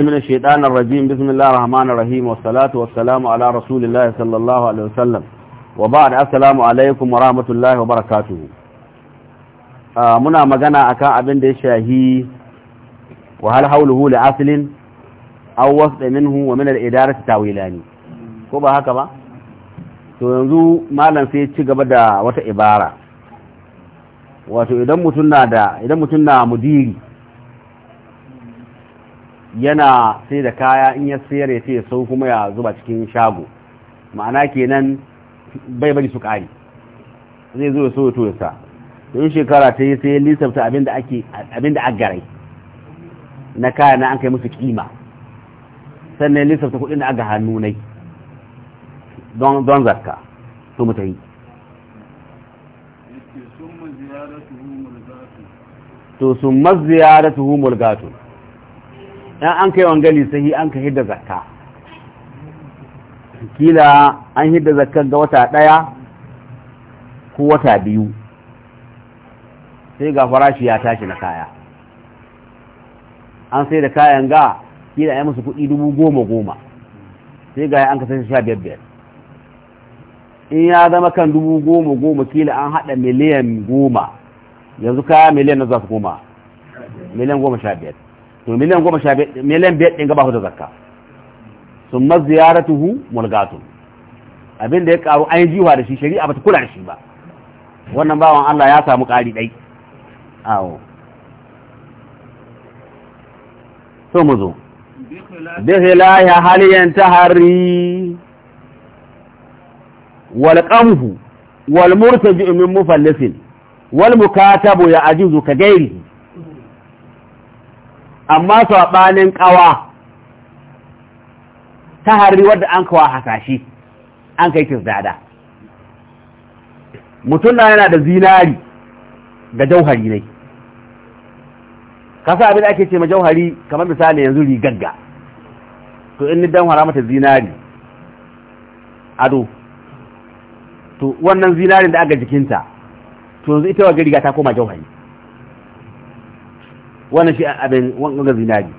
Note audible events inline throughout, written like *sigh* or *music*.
من الشيطان الرجيم بسم الله الرحمن الرحيم والصلاة والسلام على رسول الله صلى الله عليه وسلم وبعد السلام عليكم ورحمة الله وبركاته muna magana akan abin da ya shahi wa hal hawluhu li aslin aw da minhu wa min al idarati tawilani ko ba haka ba to yanzu malam sai ya ci gaba da wata ibara wato idan mutum na mudiri yana sai da kaya in ya sayar ya ce sau kuma ya zuba cikin shago ma'ana kenan bai bari su kari zai zo ya so to ya sa don shekara ta yi sai lissafta abinda ake abinda agarai na kaya na an kai musu kima sannan lissafta kuɗin da aga hannu nai don don zakka to mutai to summa ziyaratuhu mulgatu yan an kai wangali sahi an ka hidda zakka kila an hidda zakka ga wata ɗaya ko wata biyu sai ga farashi ya tashi na kaya an sai da kayan ga kila ya musu kuɗi dubu goma goma sai ga an kasance sha biyar biyar in ya zama kan dubu goma goma kila an haɗa miliyan goma yanzu kaya miliyan na za su goma miliyan goma sha biyar to miliyan goma sha miliyan biyar ɗin gaba da zakka sun ma ziyaratuhu mulgatun abin da ya karu an jiwa da shi shari'a bata kula da shi ba wannan bawan Allah ya samu ƙari ɗai awo so mu zo bihila ya haliyan tahari wal qamhu wal murtaji min mufallisin wal mukatabu ya ajizu ka gairihi amma saɓanin ƙawa ta harri wadda an kawa hasashi an kai kirdada mutum na yana da zinari da jauhari ne kasa abin da ake ce ma jauhari kamar misali yanzu rigagga to in ni dan mata zinari ado to wannan zinarin da aka jikinta to yanzu ita wa riga ta koma jauhari wannan shi abin wanga zinari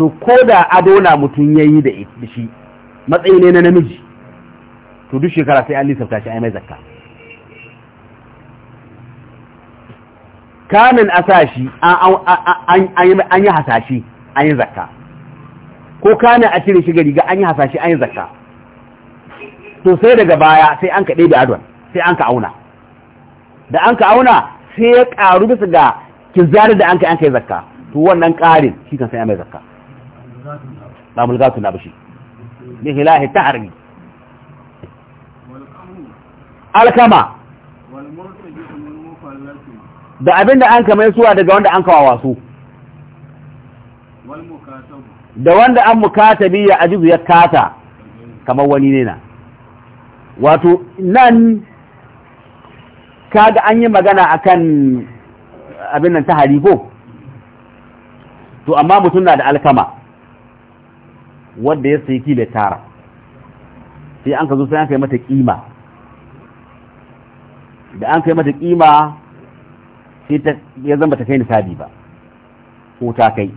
to ko da ado na mutum ya yi da shi matsayi ne na namiji to duk shekara sai an lissafta shi ai mai zakka kamin a sa shi an yi hasashi an yi zakka ko kamin a cire shi gari ga an yi hasashi an yi zakka to sai daga baya sai an ka ɗebe adon sai an ka auna da an ka auna sai ya ƙaru bisa ga kin zarar da an kai an kai zakka to wannan karin shi kan sai mai zakka ba mulgatu na bashi bi hilahi ta harbi alkama da abinda an kamar suwa daga wanda an kawo wasu da wanda an mukatabi ya ajizu ya kata kamar wani ne na wato nan kaga an yi magana akan abin nan ta ko? to amma mutum na da alkama Wanda ya ki da tara sai an ka zo sai an kai mata kima da an kai mata kima sai ya zama ta kai nisabi ba ko ta kai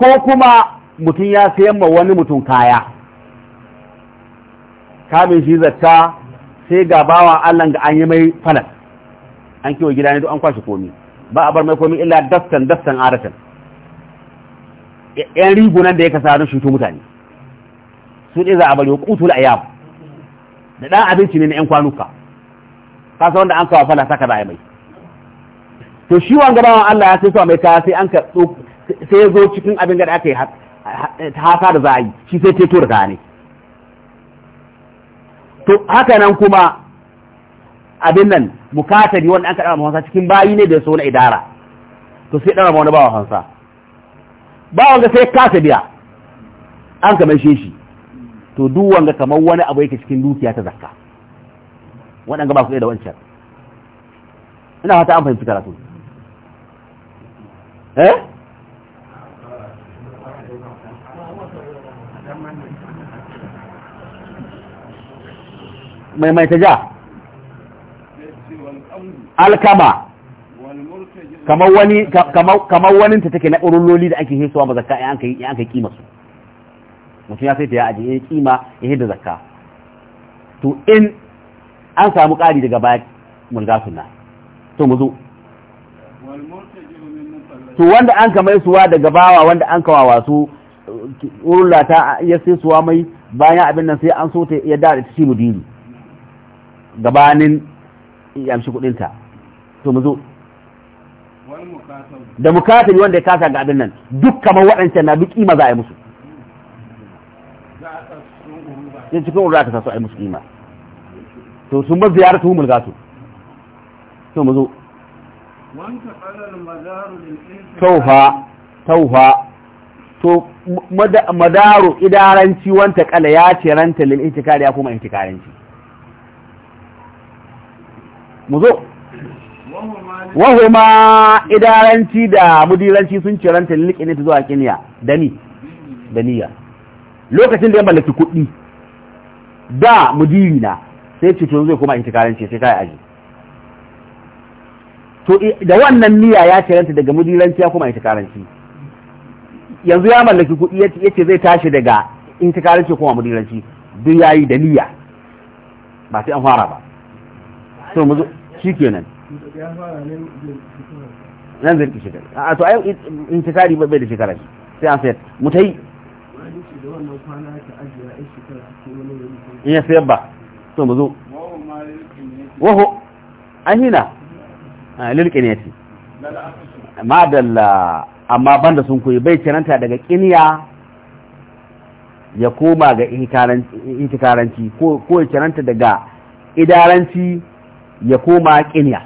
ko kuma mutum ya sayan ma wani mutum kaya kamin shi zata sai ga bawa Allah ga an yi mai falas an kiwo gida ne duk an kwashe komi ba a bar mai komi illa daftan daftan aratan yan rigunan da ya kasa don shuto mutane su ne za a bari hukutul ayyam da dan abinci ne na yan kwanuka kasa wanda an kawo fala saka da mai to shi wanga bawan Allah ya sai su mai kaya sai an ka sai ya zo cikin abin da aka yi haka da za a yi shi sai teto da kaya ne to haka nan kuma abin nan mukatabi wanda an kaɗa hansa cikin bayi ne da so na idara to sai ɗara wani bawa hansa bawan ga sai kasa biya an kamar shi to duk wanga kamar wani abu yake cikin dukiya ta zakka waɗanga ba ku da wancan ina fata an fahimci karatu eh mai mai ta ja alkama kamar wani ta take na urulloli da ake hesuwa ba zakka ya an kai kima su mutum ya sai ta ya aji ya kima ya hidda zakka to in an samu ƙari daga baya mulga suna to mu zo to wanda an kama suwa daga bawa wanda an wasu su urullata ya sai suwa mai bayan abin nan sai an so ta ya da ta shi mudiri gabanin yamshi kudinta to mu zo da mukatabi wanda ya kasa ga abin nan duk kamar waɗancan na duk kima za a yi musu sai cikin urra ka sa su a yi musu kima to sun ba ziyarar ta humul gasu to mu zo taufa taufa to madaru idaranci wanta kala ya ce ranta lil intikari ya kuma intikaranci mu zo wahuma idaranci da mudiranci sun ciranta ne ta zuwa kiniya dani daniya lokacin da ya mallaki kuɗi da mudirina sai ce to zai koma intikaranci sai kai aji to da wannan niyya ya ciranta daga mudiranci ya koma intikaranci yanzu ya mallaki kuɗi ce zai tashi daga intikaranci kuma mudiranci duk yayi da niyya ba sai an fara ba so mu shikenan nan zai rike shekara a to ai intisari bai da shekara sai an sayar mutai in ya sayar ba to mu zo waho an hina ah, lirkin ya ce madalla amma banda sun koyi bai cinanta daga kiniya ya koma ga intikaranci ko ya cinanta daga idaranci ya koma kiniya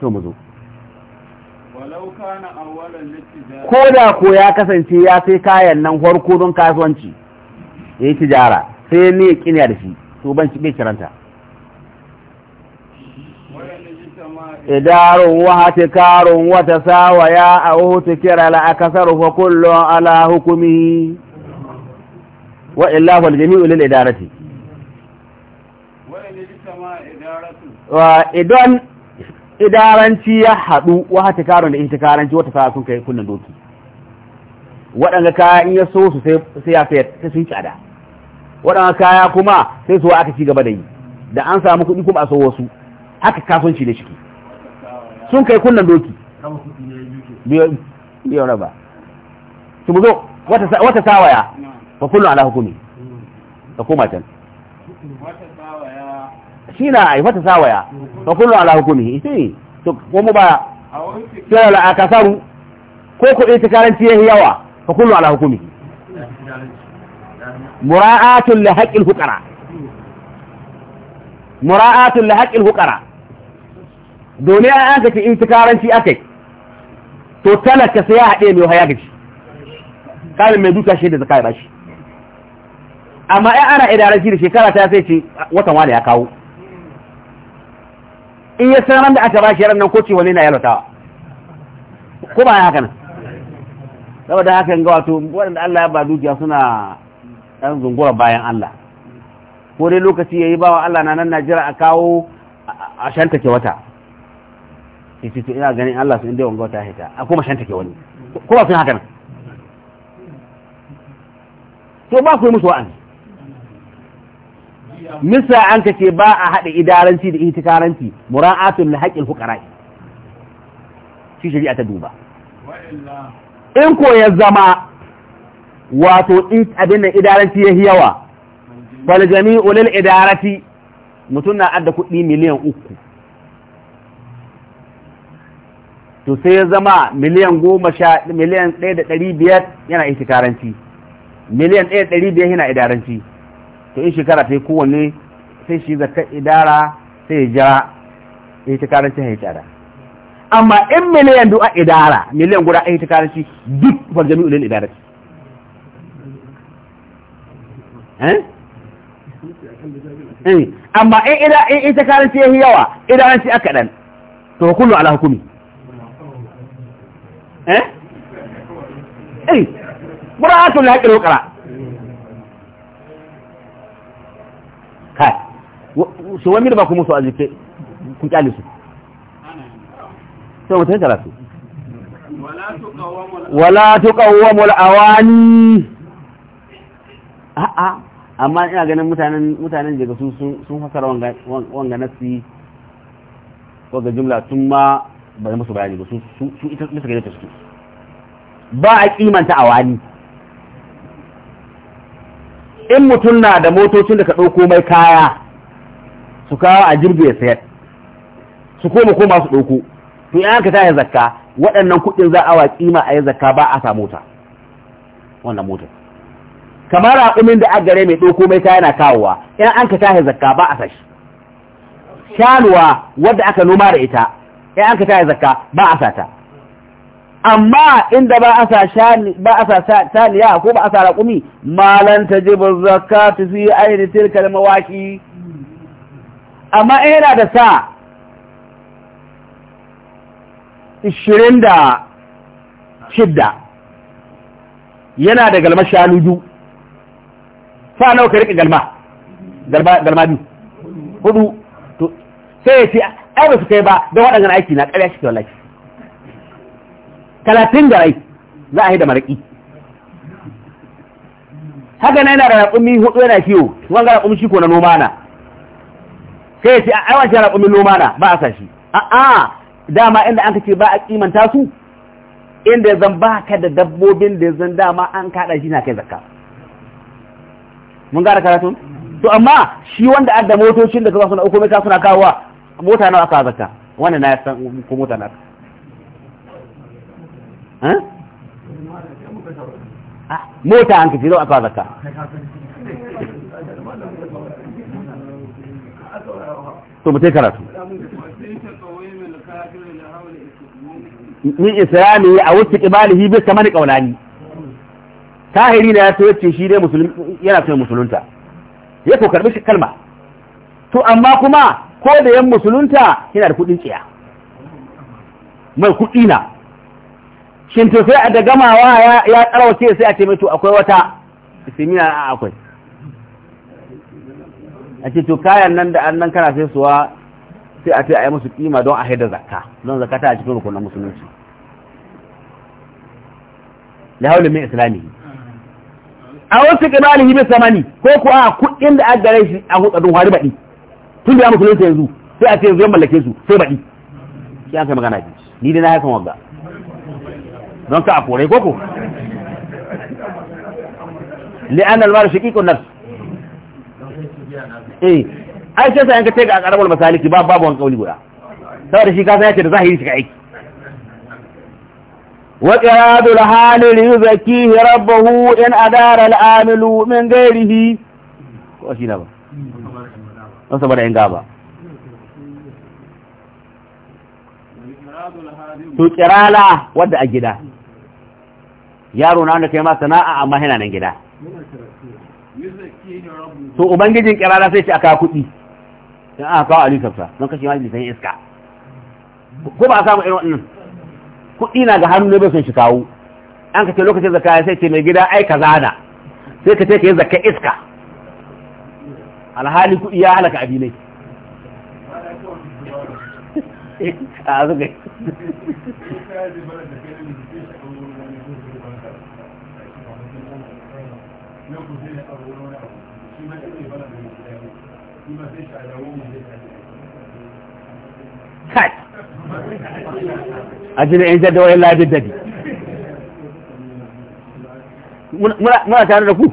to mu zo ko da ko ya kasance ya sai kayan nan farko don kasuwanci ya yi tijara sai ne kiniya da shi to ban shi bai kiranta idarun wata karun wata sawaya a wuta kira la'akasar fa kullum ala hukumi wa illahu aljami'u lil idarati wa idan idaranci ya haɗu wa hatikarun da karanci, wata sa'a sun kai kunnan doki waɗanda kaya in ya so su sai ya sayar sai sun cada waɗanda kaya kuma sai su aka ci gaba da yi da an samu kuɗi kuma a so wasu haka kasuwanci da shi sun kai kunnan doki biyar raba su mu zo wata sawaya fa ala hukumi ta koma can shi na ai fata sawaya fa kullum ala hukumi shi to ko mu ba sai a kasaru ko ko itikaranci yayi yawa fa kullum ala hukumi mura'atun li haƙƙin hukara mura'atun li haqqil fuqara dole an aka ce itikaranci akai to talaka sai ya haɗe mai haya gaci kalin mai duka shi da ba shi. amma ya ana shi da shekara ta sai ce watan wani ya kawo in yi sanar da aka bashi ran nan ko ciwo wani na yalwatawa ko ba haka nan saboda haka ga wato waɗanda Allah ya ba dukiya suna ɗan zungura bayan Allah ko dai lokaci ya ba bawa Allah na nan Najira a kawo a shanta ke wata sai to ina ganin Allah su inda wanga wata hita a kuma shanta ke wani ko ba sun haka nan to ba ku yi musu wa'azi misa an ka ce ba a haɗa idaranci da itikaranci mura'atun na haƙƙin fuqara shi shari'a ta duba in ko ya zama wato abin da idaranci ya yawa faljami ulil idarati mutum na adda kuɗi miliyan uku to sai ya zama miliyan goma sha miliyan ɗaya da ɗari biyar yana itikaranci miliyan ɗaya da ɗari biyar yana idaranci to in shekara ta yi kowanne sai shi zaka idara sai ya jira ya ta karanci ya tsada amma in miliyan du'a idara miliyan guda ya ta karanci duk farjami ulil idara eh? eh amma in ida in ita karanci yi yawa idaran idaranci aka dan to kullu ala hukumi eh eh mura'atul haqqil qara' kai su wani da ba kuma su? musu azike kun kyale su sai mutum su? wala tuqawwamu al-awani a'a amma ina ganin mutanen mutanen daga su sun fasara wanga wanga nasi wanga jumla tun ma ba musu bayani ba su su ita musu ganin su ba a kimanta awani in mutum na da motocin da ka ɗauko mai kaya su kawo a jirgin ya sayar su koma koma su ɗauko to in ka taya zakka waɗannan kuɗin za a wa kima a yi zakka ba a samu mota wannan motar kamar umin da agare mai ɗauko mai kaya na kawowa in an ka taya zakka ba a sashi shanuwa wadda aka noma da ita in an ka taya zakka ba a sata amma inda ba a sa saniya ko ba a sa raƙumi malan ta jibin zakatu fi aini tilka mawaki amma yana da sa 26 yana da galma shanu biyu sa nawa ka riƙe galma galma biyu hudu sai ya ce ai ba su kai ba don wadannan aiki na ƙarya shi ke wallafi talatin da rai za a yi da maraƙi haka na yana da raƙumi hudu yana kiwo wanga raƙumi shi ko na noma na sai ya ai a wancan raƙumin noma na ba a sashi a'a dama inda an kace ba a kimanta su inda zan ba ka da dabbobin da zan dama an kaɗa shi na kai zakka mun gara karatu to amma shi wanda an da motocin da ka ba suna uku mai ka suna kawowa mota nawa aka zakka wannan na ya san ko mota na mota an kace zo aka zakka to mutai karatu ni islami a wuce qibalihi bi ni qaulani tahiri na to yace shi dai musulmi yana son musulunta ya ko karbi shi kalma to amma kuma ko da yan musulunta yana da kudin tsiya mai kudi na shin to sai a da gamawa ya tsarauce sai a ce mai to akwai wata isimiya a akwai a ce to kayan nan da annan kana sai suwa sai a ce a yi musu kima don a haida zakka don zakka ta a cikin rukunan musulunci da haulun mai islami a wasu kibalihi bi samani ko kuwa a kuɗin da aka shi a hudadun hari baɗi tun da ya musulunci yanzu sai a ce yanzu ya mallake su sai baɗi shi an kai magana ji ni dai na haifan wagga don ka a koko li'an almar shaqiqun nafs eh ai sai sai an ka take a karamar masaliki ba babu wani kauli guda saboda shi kasa yace da zahiri shi ka aiki wa qiradu al-hal yuzakihi rabbuhu in adara al-amilu min ghairihi ko shi na ba don saboda in gaba to kirala wadda a gida yaro na wanda kai ma sana'a amma yana nan gida to ubangijin kirara sai ce aka kuɗi dan aka kawo alisafsa don kashe ma lisan iska ko ba a samu irin wannan kuɗi na ga hannu ne ba sun shi kawo an ka ce lokacin ya sai ce mai gida ai kaza da sai ka ce ka yi zakka iska alhali kuɗi ya halaka abinai *laughs* a zuga kai a jini in jadda wani da dadi muna tare da ku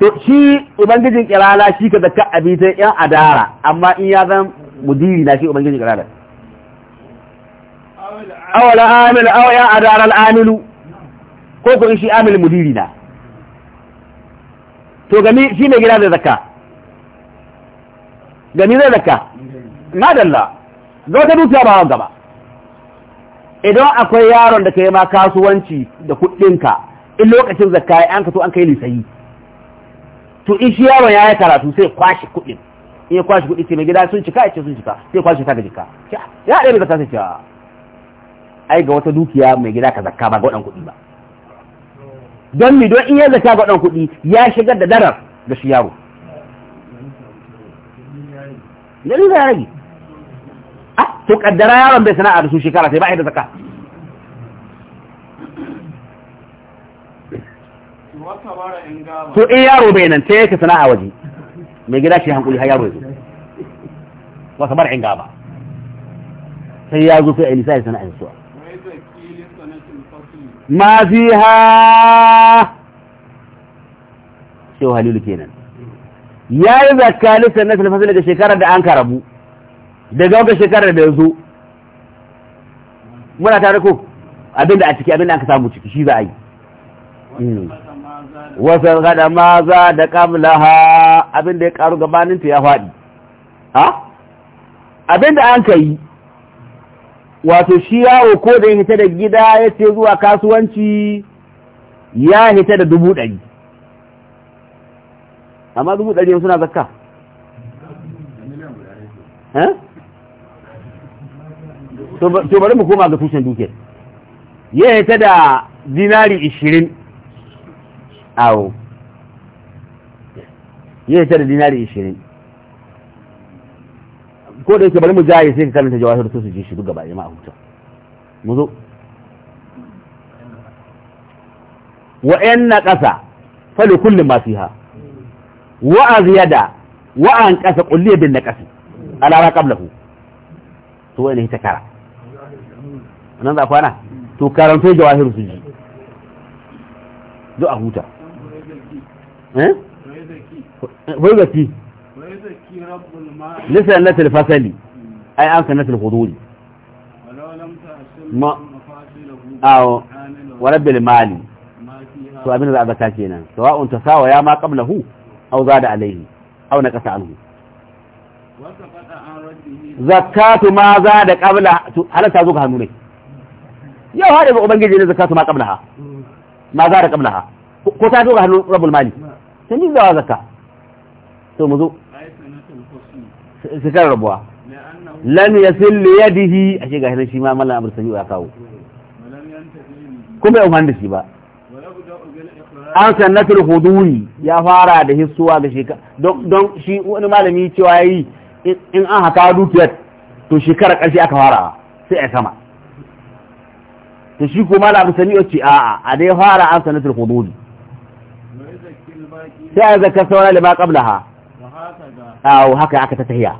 to shi ubangijin kirala shi ka zaka sai yan adara amma in ya zan mudiri na shi ubangijin kirala awala amil aw ya adara amilu ko ko shi amil mudiri na to gami shi mai gida da zakka gani zai zakka madalla zo ta dukiya ba wanga gaba idan akwai yaron da ka yi ma kasuwanci da kuɗinka in lokacin ya an ka to an kai lisayi to in shi yaron ya yi karatu sai kwashe kuɗin in ya kwashe kuɗi sai mai gida sun cika ce sun cika sai kwashe ta ga jika ya ɗaya zaka zakka sai cewa ai ga wata dukiya mai gida ka zakka ba ga waɗan kuɗi ba don mi don in ya zaka ga waɗan kuɗi ya shigar da darar da shi yaro gari za rage ah to kaddara yaron bai sana'a da su shekara sai ba da zaka to in yaro bai nan sai yake sana'a waje mai gida shi hankuli har yaro ya zo wasa bar in gaba sai ya zo sai a yi lissafi sana'a suwa ma fi ha shehu halilu kenan ya yi zakka lissan nasu fasali da shekarar da an karabu daga wata shekarar da yanzu muna tare ko abinda a ciki abinda an ka samu ciki shi za a yi hmm. wasu gada maza da kamlaha abinda ya karu ta ya faɗi ha abinda an ka yi wato shi yawo ko da ya hita da gida ya ce zuwa kasuwanci ya hita da dubu ɗari amma dubu ɗari suna zakka to bari mu koma ga tushen dukiyar ya ta da dinari ishirin awo ya ta da dinari ishirin ko da yake bari mu jaye sai ka karanta jawahir su ji shi duk gaba ma a huta mu zo wa'yan na ƙasa fali kullum masu yi ha wa aziyada wa an kasa kulli bin naqas ala ma qablahu to wani ita kara nan za kwana to karanto jawahiru suji do a huta eh wai zaki lisan an sanatul huduri ma awo wa rabbil mali to abin da za a zaka kenan sawa'un ma qablahu aw zada alaihi aw naqasa anhu zakatu ma zada qabla halatta zo ga hannu ne yau hade ga ubangiji zakatu ma qablaha ma zada qablaha ko ta zo ga hannu rabbul mali sai ni zawa zakka to mu zo sai rabuwa lam yasil li yadihi ashe ga shi ma mallan abul ya kawo kuma ya umar da shi ba an sannatul huduri ya fara da hissuwa ga shekara don shi wani malami cewa ya yi in an haka dukiyar to shekara ƙarshe aka fara sai a sama to shi kuma malam sani ya ce a'a a dai fara an sannatul huduri sai a zakar saura lima qablaha aw haka aka tahiya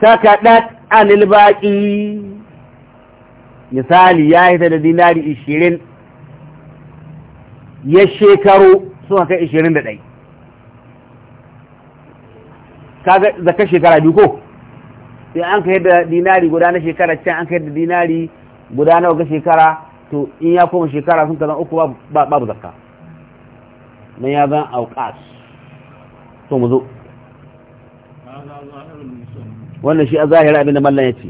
sakadat anil baqi misali ya hita da dinari ishirin. ya shekaru suka kai 21 kaga zakar shekara biyu ko sai an kai da dinari guda na shekara can an kai da dinari guda na waga shekara to in ya koma shekara sun zan uku babu zakka na ya zan aukas to mu zo wannan shi a zahira abinda mallan ya ce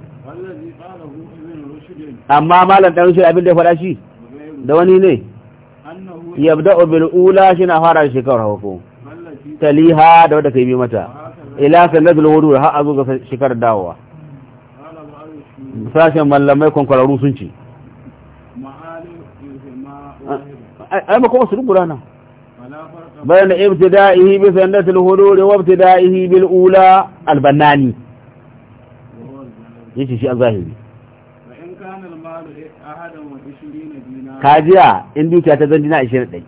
amma mallan ɗan rushe abinda ya faɗa shi da wani ne Yabda bil ula shi na fara shekarar hauko taliha da wadda ka yi mata ila sanatul wudu har zo ga shekarar dawowa sashen mallamai kwankwararru sun ce ai ma kuma su rubuta nan bayan da ibtida'ihi bi sanatul wudu da ibtida'ihi bil ula albannani yake shi a zahiri kajiya in dukiya ta zanjina 21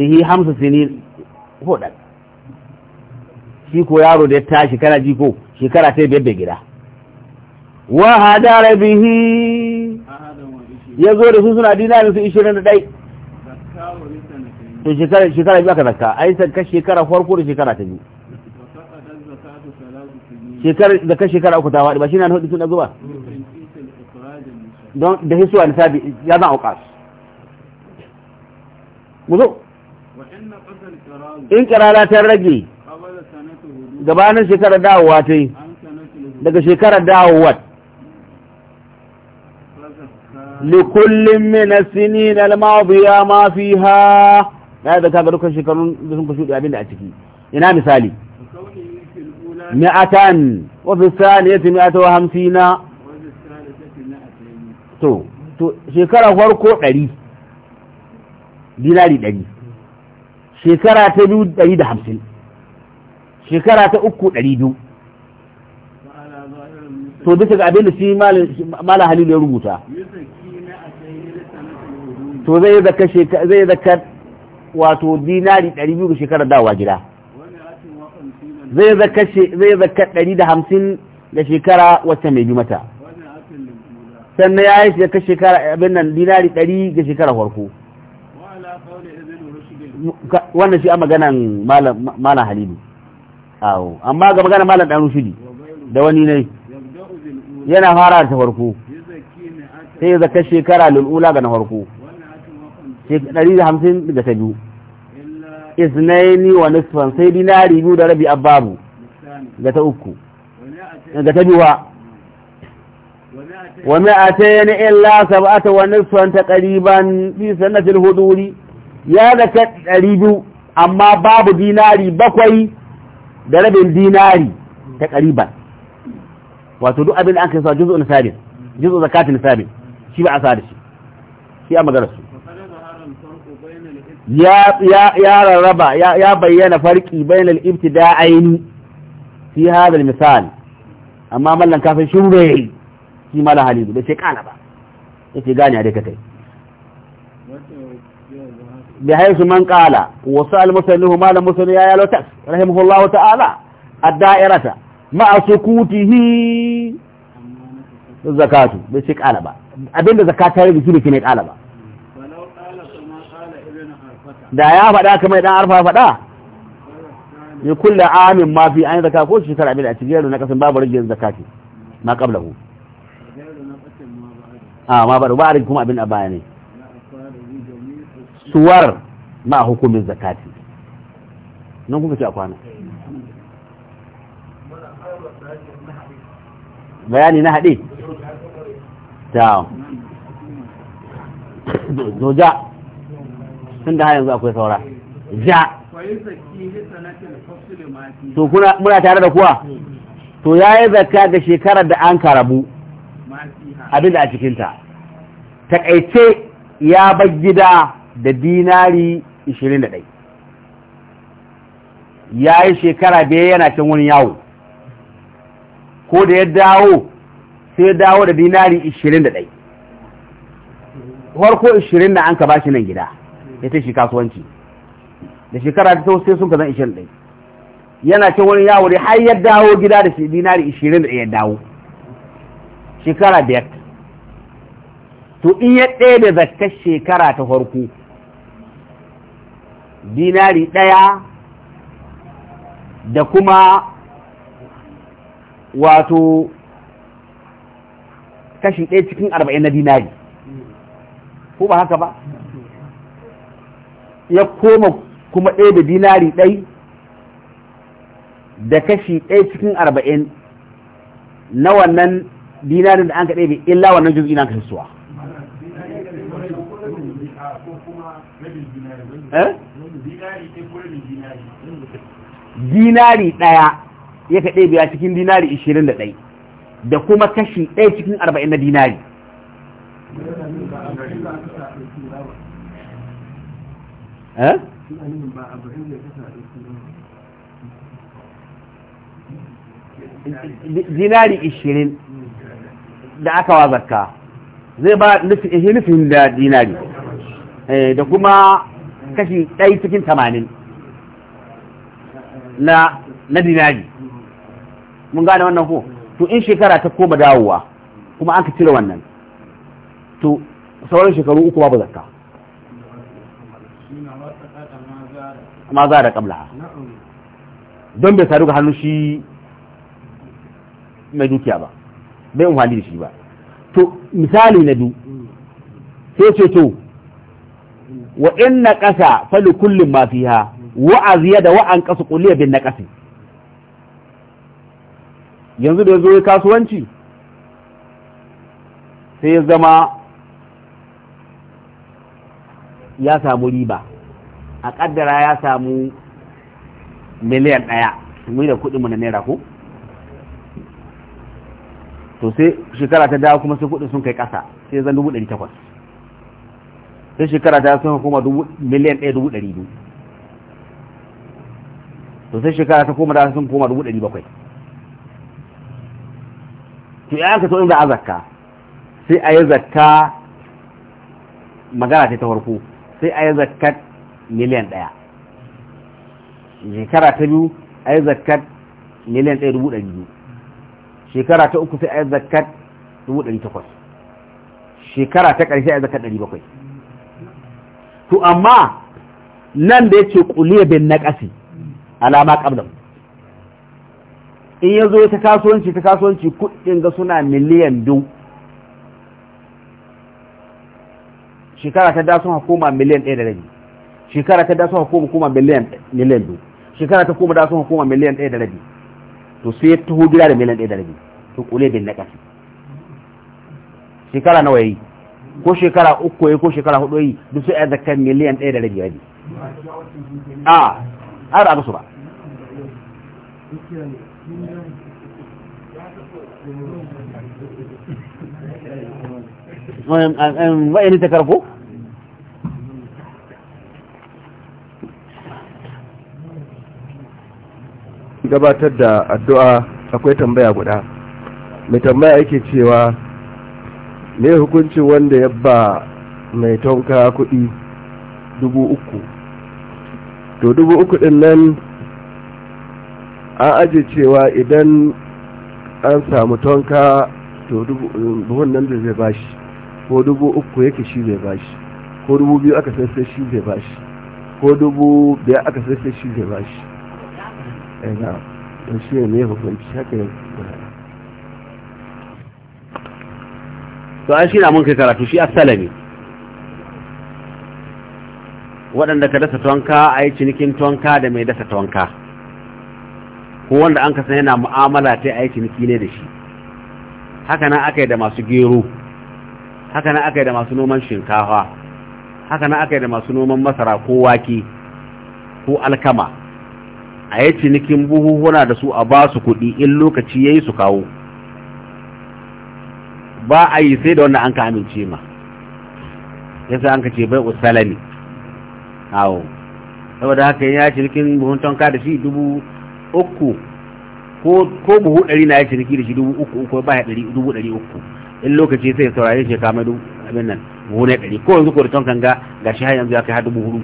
bihi hamsin sinin hudar shi ko yaro da ya tashi kana ji ko shekara ta biyar da gida wa hadara bihi ya zo da su suna dinarin su 21 to shekara shekara biya ka a yi zakka shekara farko da shekara ta biyu shekara zakka shekara uku ta faɗi ba shi na hudu tun zuba don da hisu da nisabi ya zan auka su. muzo in kirara ta rage gabanin shekarar dawowa ta yi daga shekarar dawowar likullin minasini na almabiya ma fi ha na yadda ka ga shekarun da sun kusur abin da a ciki ina misali mi'atan wafi saniyati mi'ata wa hamsina to to shekara farko 100 dinari 100 shekara ta biyu 150 shekara ta uku 200 to bisa ga abin da shi mala halilu ya rubuta to zai zaka zai zaka wato dinari 200 ga shekarar dawa gida zai zaka zai zaka ɗari ga shekara wacce mai bi mata sannan ya yi shi ka shekara abin nan dinari ɗari ga shekara farko wannan shi a maganan malam halilu awo amma ga maganan malam ɗan rushidi da wani ne yana fara ta farko sai zaka shekara lul'ula ga na farko ɗari da hamsin daga ta biyu isnaini wa nisfan sai dinari biyu da rabi ababu ga ta uku ga ta biyuwa wani a illa sabu a ta wani suwanta ƙariban fi sannatin huduri ya da ɗari biyu amma babu dinari bakwai da rabin dinari ta ƙariban wato duk abin an kai sa juzo nisabin juzo zakatin nisabin shi ba a sa da shi shi a magana su ya ya ya rarraba ya ya bayyana farki bainal ibtida'aini fi hadha misal amma mallan kafin shuru shi mala halilu bai shi kana ba ya ce gane a ka kai bi su man kala wasu hu malam musalli ya yalo tas rahimahullahu ta'ala a dairata ma'a sukutihi zakatu bai shi kala ba abinda zakata su da ne kala ba da ya faɗa kamar idan arfa faɗa ya kulle amin ma fi an zaka ko shekara abin a cikin na kasan babu rajin zakati ma qablahu a ma ba ba kuma abin a baya ne suwar ma hukumin zakati nan kuma ce a kwana bayani na haɗe ta *coughs* ja tun da yanzu akwai saura ja to kuna muna tare da kuwa to ya yi zakka ga shekarar da an karabu abin da a cikinta takaice ya bar gida da dinari 21 ya yi shekara biyar yana cin wani yawo ko da ya dawo sai ya dawo da dinari 21 warko 20 na an ka bashi nan gida ya ta shi kasuwanci da shekara ta sai sun ka zan 21 yana cin wani yawo dai, har ya dawo gida da dinari 21 ya dawo shekara biyar to in ya ɗebe zakkar shekara ta farko dinari ɗaya da kuma wato kashi ɗaya cikin arba'in na dinari ko ba haka ba ya koma kuma ɗaya da dinari ɗai da kashi ɗaya cikin arba'in na wannan dinarin da an ka ɗaya illa wannan jirgin na kashe suwa Eh? dinari ɗaya ya ka ɗaya cikin dinari ishirin da ɗai da kuma kashi ɗaya cikin arba'in na dinari eh? dinari ishirin da aka wa zakka zai ba eh, nufin da dinari da kuma kashi ɗaya cikin tamanin na na dinari mun gane wannan ko to in shekara ta koma dawowa kuma an ka cire wannan to sauran shekaru uku babu zakka amma za da kabla don bai saduka hannu shi mai dukiya ba bai umarni da shi ba to misali na biyu sai ce to wa in fa fali kullum ma fiha wa aziyada wa an qasu kulliya bin naqasi yanzu da yazo kasuwanci sai ya zama ya samu riba a kaddara ya samu miliyan ɗaya mu da kuɗinmu mu na naira ko to sai shekara ta dawo kuma sai kuɗin sun kai ƙasa sai zan dubu ɗari takwas sai shekara ta sun koma miliyan ɗaya dubu ɗari biyu to sai shekara ta koma da sun koma dubu ɗari bakwai to ya aka tsohon da a zakka sai a yi zakka magana ta ta farko sai a yi zakkat miliyan ɗaya shekara ta biyu a yi zakkat miliyan ɗaya dubu ɗari biyu shekara ta uku sai a yi zakkat dubu ɗari takwas shekara ta ƙarshe a yi zakkat ɗari bakwai to amma nan da yake kuliya bin ƙasi alama qabla in yanzu ta kasuwanci ta kasuwanci kuɗin ga suna miliyan biyu shekara ta da sun hukuma miliyan ɗaya da rabi shekara ta da sun kuma miliyan miliyan biyu shekara ta kuma da sun hukuma miliyan ɗaya da rabi to sai ta hudu da miliyan ɗaya da rabi to kule bin ƙasi shekara nawa yayi ko shekara uku ko shekara hudu yi duk sai zakar miliyan ɗaya da rabi a har a su ba wa'ini ta karko? gabatar da addu'a akwai tambaya guda mai tambaya yake cewa ne hukuncin wanda ya ba mai tonka kuɗi dubu uku to dubu uku ɗin nan an aje cewa idan an samu tonka to buhun nan da zai bashi ko dubu uku yake shi zai bashi ko dubu biyu aka sai shi zai bashi ko dubu biyar aka sai shi zai bashi ɗaya eh, na don shi ne hukunci haka yanzu to an shi na mun kai karatu shi asalami waɗanda ka dasa tuwanka a yi cinikin tuwanka da mai dasa tuwanka ko wanda an kasan yana mu'amala ta yi ciniki ne da shi haka nan aka yi da masu gero haka nan aka yi da masu noman shinkawa. haka nan aka yi da masu noman masara ko wake ko alkama a yi cinikin buhuhuna da su a ba su kuɗi in lokaci ya yi su kawo ba a yi sai da wannan an ka amince ma yasa an ka ce bai ne awo saboda haka ya cinikin buhun tonka da shi dubu uku ko buhu ɗari na ya ciniki da shi dubu uku uku ba ya dubu ɗari uku in lokaci sai ya saurare shi kama dubu abin nan buhu na ɗari ko yanzu ko da tonkan ga shi har yanzu ya kai har dubu hudu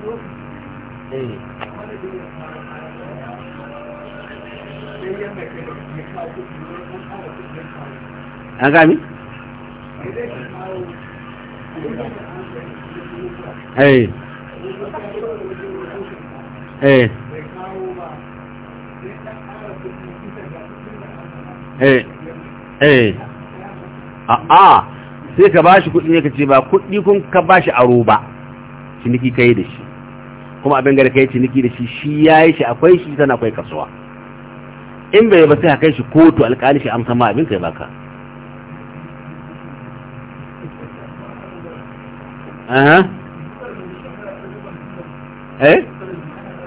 Eh. an gami? Eh. Eh. a'a sai ka bashi kuɗi ya ka ce ba kuɗi kun ka bashi aro ba ciniki kai da shi kuma abin gari kai ciniki da shi shi ya yi shi akwai shi tana akwai kasuwa in bai ba sai kai shi kotu alkali shi amsa ma abin kai baka eh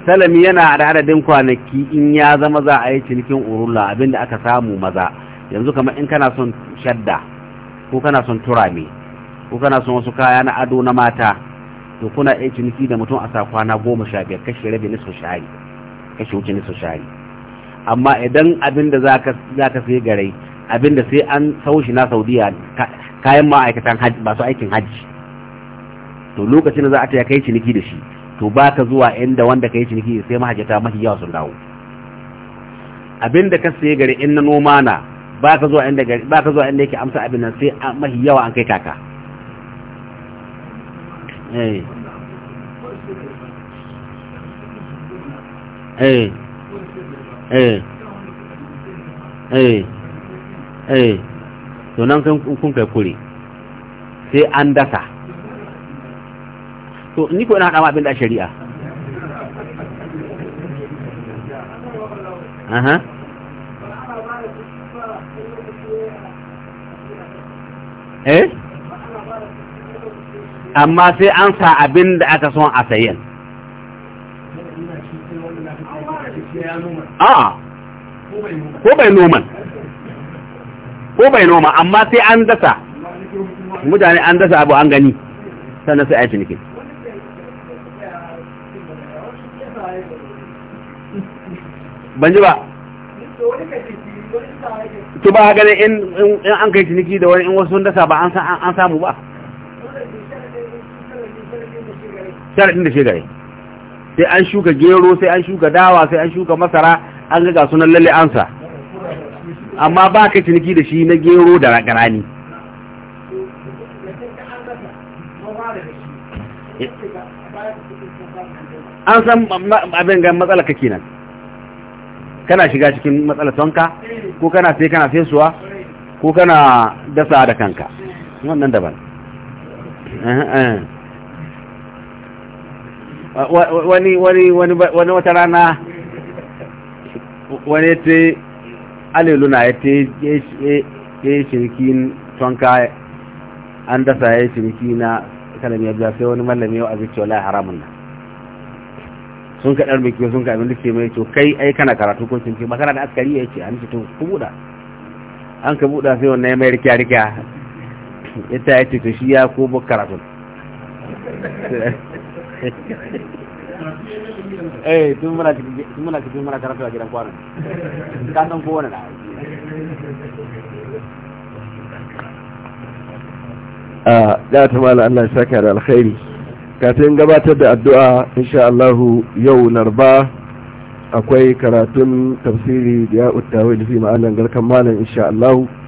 salami yana da adadin kwanaki in ya zama za a yi cinikin urulla da aka samu maza yanzu kamar in kana son shadda ko kana son turame ko kana son wasu kaya na ado na mata to kuna iya ciniki da mutum a sa kwana goma sha biyar kashe rabi nisu shari kashi wuce nisu shari amma idan abin da za ka sai garai abin da sai an sau shi na saudiya kayan ma'aikatan hajji ba su aikin hajji to lokacin da za a ta kai ciniki da shi to ba ka zuwa inda wanda ka yi ciniki sai mahajjata mafi yawa sun dawo abin da ka sai gari in na noma na ba ka zuwa inda yake amsa abin nan sai mafi yawa an kai kaka Eh. Eh. Eh. to nan kun kai kure sai an dasa to ni ko ina haɗa abin da shari'a aha eh amma sai an sa abin da aka son a sayen. a ko bai noman ko bai noman amma sai an dasa mutane an dasa abu an gani sannan sai a yi cinikin ban ji ba ki ba ganin in an kai ciniki da wani in wasu sun dasa ba an samu ba sharaɗin da shi gare sai an shuka gero sai an shuka dawa sai an shuka masara an ga sunan lalle ansa amma ba ka ciniki da shi na gero da ragarani an san abin ga matsala kake nan kana shiga cikin matsala tonka ko kana sai kana fesuwa ko kana dasa da kanka wannan daban eh, eh. wani wani wani wani wata rana wani te aleluna ya ya yi shirki tonka an dasa ya yi shirki na kanan ya biya sai wani mallami yau abin cewa haramun na sun kaɗar mai kiyo sun ka abin da ke mai to kai ai kana karatu ko cince makara da askari ya ce an cikin to buɗa an ka buɗa sai wannan ya mai rikya rikiya ita ya ce to shi ya ko karatu *laughs* eh tu muna cikin muna cikin muna karatu a gidan kwana ka san ko wani da a da ah, ta mala Allah ya saka da alkhairi kafin gabatar da addu'a insha Allah yau narba akwai karatun tafsiri da ya uttawa da fi ma'anan garkan malam insha Allah